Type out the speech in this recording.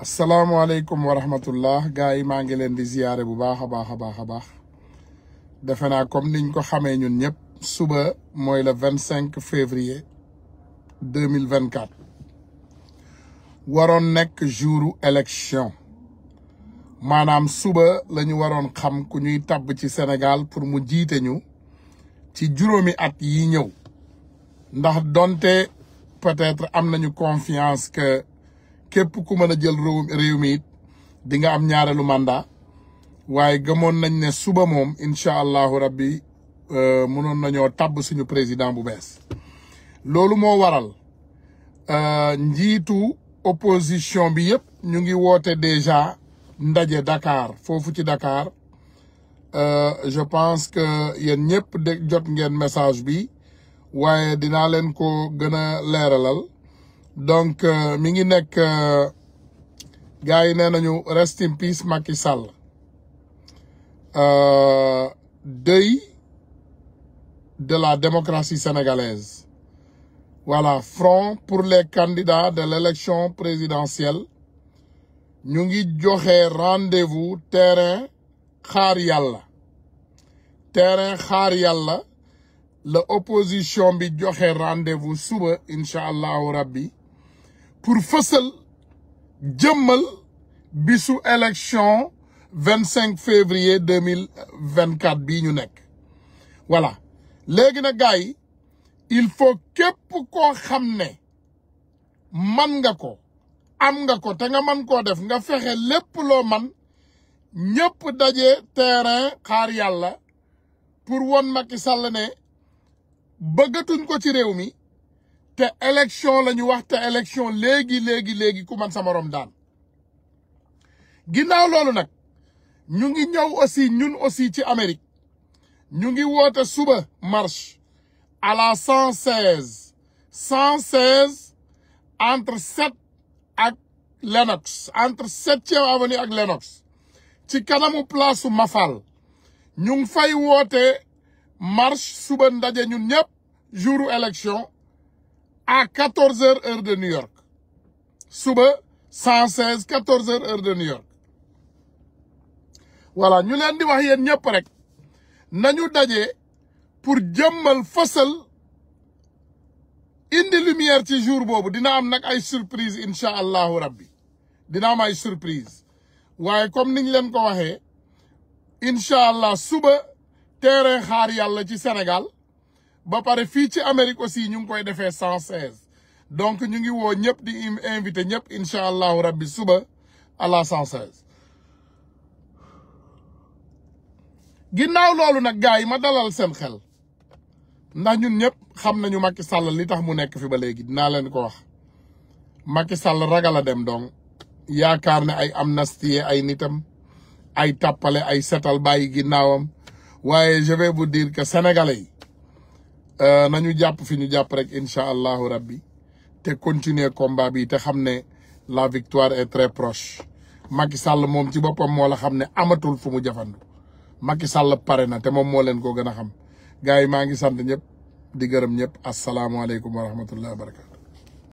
asalaamaaleykum wa rahmatullah gars yi maa ngi leen di ziyaare bu baax a baax a baax a baax defe naa comme niñ ko xamee ñun ñëpp suba mooy le vingt cinq février deux mille vingt quatre waroon nekk jouru élection maanaam suba la ñu waroon xam ku ñuy tab ci Sénégal pour mu jiite ñu ci juróomi at yi ñëw ndax donte peut-être am nañu confiance que. képp ku mën a jël réew mi dinga am ñaareelu mandat waaye gëmoon nañ ne suba moom incha allahu rabbi euh, mënoon nañoo tabb suñu président bu bees loolu moo waral euh, njiitu opposition bi yëpp ñu ngi woote déjà ndaje Dakar foofu ci Dakar euh, je pense que yéen ñëpp de jot ngeen message bi waaye dinaa leen ko gën a leeralal donc euh, mi ngi nekk euh, gars yi nee nañu rest in peace Sall euh, deuil de la démocratie sénégalaise voilà front pour les candidats de l'élection présidentielle ñu ngi joxe rendez-vous terrain xaar yàlla terrain xaar yàlla la opposition bi joxe rendez-vous suba incha allahu rabbi pour fësal jëmmal bisu élection vingt cinq février deux mille vingt quatre bii ñu nekk voilà léegi na gars yi il faut képp koo xam ne man nga ko am nga ko te nga man koo def nga fexe lépp loo man ñëpp daje terrain xaar yàlla pour won Macky Sall ne bëggatuñ ko ci réew mi te élection la ñu wax te léegi léegi léegi ku man sa moroom daan ginnaaw loolu nag ñu ngi ñëw aussi ñun aussi ci Amérique ñu ngi woote suba marche à la cent seize cent seize entre sept ak Lenox entre septième avenue ak Lenox ci kanamu place su Mafal ñu ngi fay woote marche suba ndaje ñun ñëpp jouru élection à quatorze heures heure de New York suba cent seize quatorze heures heure de New York voilà ñu leen di wax yéen ñëpp rek nañu daje pour jëmmal fësal indi lumière ci jour boobu dina am nag ay surprise incha allahu rabbi dina am ay surprise waaye comme niñ leen ko waxee incha allah suba terrain xaar yàlla ci Sénégal ba pare fii ci Amérique aussi ñu ngi koy defee cent seize donc ñu ngi woo ñëpp di invité ñëpp incha allahu rabbi suba à la ginnaaw loolu nag gars yi ma dalal seen xel ndax ñun ñëpp xam nañu Macky Sall li tax mu nekk fi ba léegi dinaa leen ko wax Macky Sall ragal dem donc yaakaar ne ay amnistie ay nitam ay tàppale ay setal bàyyi ginnaawam waaye je vais vous dire que sénégalais yi Euh, nañu jàpp fi ñu jàpp rek incha allahu rabbi te continuer combat bi te xam ne la victoire est très proche Macky Sall moom ci boppam moo la xam ne amatul fu mu jafandu Macky sàll pare na te moom moo leen ko gën a xam gars yi maa ngi sant ñëpp di gërëm ñëpp asalaamualeykum wa rahmatullah wa barakatu